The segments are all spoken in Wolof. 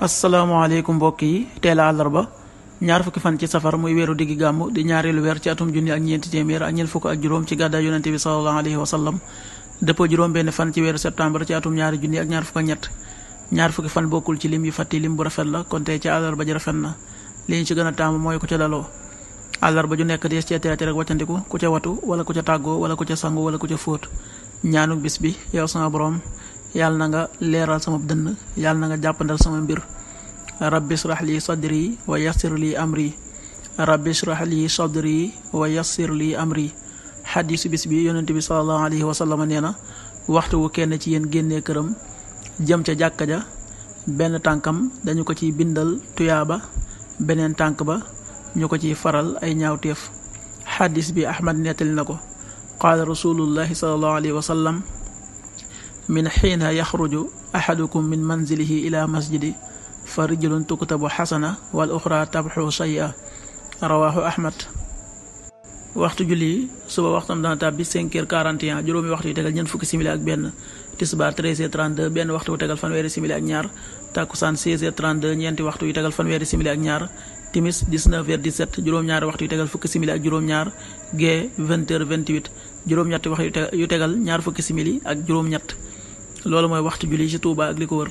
alekum mbokk yi teel a àllarba ñaar fukki fan ci safar muy weeru diggi gàmm di ñaareelu weer ci atum junni ak ñeenti téeméer ak ñeent fukk ak juróom ci gàddaay yonente bi salallahu alayhi wa juróom benn fan ci weeru septembre ci atum ñaari junni ak ñaar fukk ak fukki fan bokkul ci lim yu fàtti lim bu rafet la kon tey ci àllarba ji rafet na li ñu ci gën a taamu mooy ku ca daloo àllarba ju nekk dees ci teyaate rek waccandiku ku ca watu wala ku ca tàggoo wala ku ca sangu wala ku ca fóot ñaanu bis bi yow sama yàlla na nga leeral sama dënn yàlla na nga jàppandal sama mbir rabbi israh li sadri wa yassir li amri rabbi israh li sadri wa yassir li amri xadiisu bis bi yonente bi salallahu alayhi wa nee na waxtu wu kenn ci yéen génne këram jëm ca jàkka ja benn tànkam dañu ko ciy bindal tuyaaba beneen tànk ba ñu ko ciy faral ay ñaawteef xadis bi ahmad nettali na ko qaala rasulullahi salallahu alayhi wa min xiina yaxruju axadukum min manzilihi ila masjidi fa rijlun tuktabu xasana wal uxra tabxu sayya rawaahu ahmad waxtu julli suba waxtam dana tàbbi 5 juróom 41 juróomi waxtu yu tegal fukki simili ak benn tisbaar 13 heures 32 benn waxtu wu tegal fanweeri simili ak ñaar takkusaan 16 heures 32 ñeenti waxtu yu tegal fanweeri simili ak ñaar timis 19 heures 17 juróom-ñaari waxtu yu tegal fukki simili ak juróom-ñaar gee 20 juróom-ñetti yu tegal ñaar fukki simili ak juróom-ñett loolu mooy waxtu julli ci Touba ak ko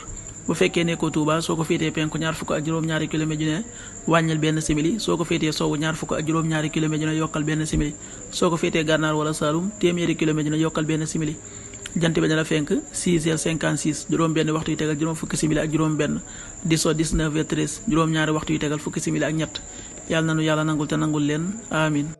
bu fekkee nekkoo Touba soo ko féetee penku ñaar fukk ak juróom-ñaari kilomètre ju ne wàññil benn simili soo ko féetee sowwu ñaar fukk ak juróom-ñaari kilomètre ju ne yokkal benn simili soo ko féetee gànnaar wala Saalum jant bi dana fenk 6 heures juróom benn waxtu yu tegal juróom fukki simili benn di so 19 heures 13 juróom-ñaari tegal fukki simili ak ñett yàlla na nu yàlla nangul te nangul leen amin